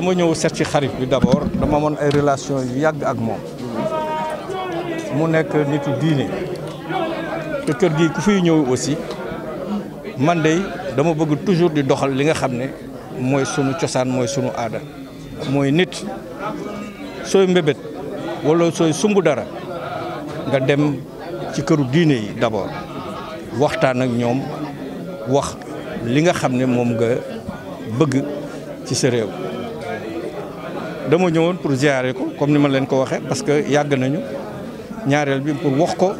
dama ñëw set ci xarit bi d'abord dama amoon ay relation yu yàgg ak moom mu nekk nitu diine te kër gi ku fiy ñëw aussi man de dama bëgg toujours di doxal li nga xam ne mooy sunu cosaan mooy sunu aada mooy nit sooy mbébét wala sooy sumb dara nga dem ci këru diine yi d'abord waxtaan ak ñoom wax li nga xam ne moom nga bëgg ci sa réew dama ñëwoon pour ziare ko comme ni ma leen ko waxee parce que yàgg nañu ñaareel bi pour wax ko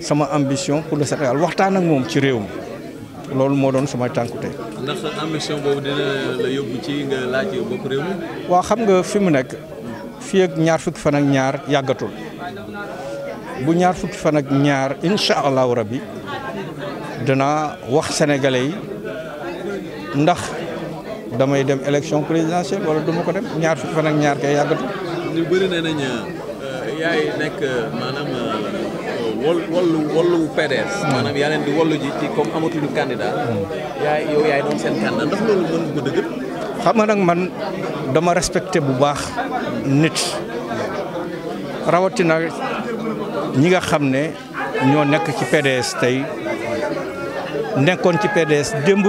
sama ambition pour le Sénégal waxtaan ak moom ci réew mi loolu moo doon sama tànku tey. ndax ambition boobu dina la yóbbu ci nga laaj bopp réew mi. waaw xam nga fi mu nekk fii ñaar fukki fan ak ñaar yàggatul bu ñaar fukki fan ak ñaar incha allahu rabi danaa wax sénégalais yi ndax. damay dem élection présidentielle wala du ko dem ñaar fukki fan ak ñaar kay yàggatu. ñu bëri nee nañ euh, yaay nekk euh, maanaam euh, wol wollu wollu PDS. Hmm. maanaam yaa leen di wollu ji ci comme amatuñu candidat. Hmm. yaay yow yaay doon seen candidat ndax loolu mën nga dëgg. xam man dama respecté bu baax nit rawatina ñi nga xam ne ñoo nekk ci PDS tey nekkoon ci PDS démb.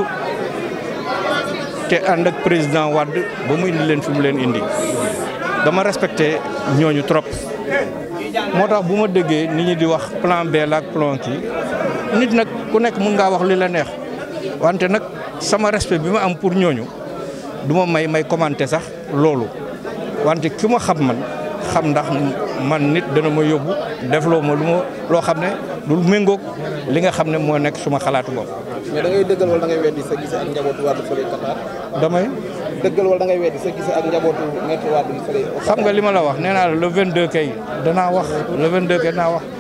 te ànd ak président wadd ba mu indi leen fi mu leen indi dama respecté ñooñu trop moo tax bu ma déggee nit ñi di wax plan B la ak plan kii nit nag ku nekk mun ngaa wax li la neex wante nag sama respect bi ma am pour ñooñu duma may may commenter sax loolu wante ki ma xam man. xam ndax man nit dana ma yóbbu defloo ma lu ma loo xam ne du méngoog li nga xam ne moo nekk suma xalaatu bopp. mais da ngay dëggal wala da ngay weddi sa gise ak njabootu waatu fële Qatar. damay. dëggal wala da ngay weddi sa gise ak njabootu ñetti waatu fële. xam nga li ma la wax nee naa la le 22 kay danaa wax le 22 kay danaa wax.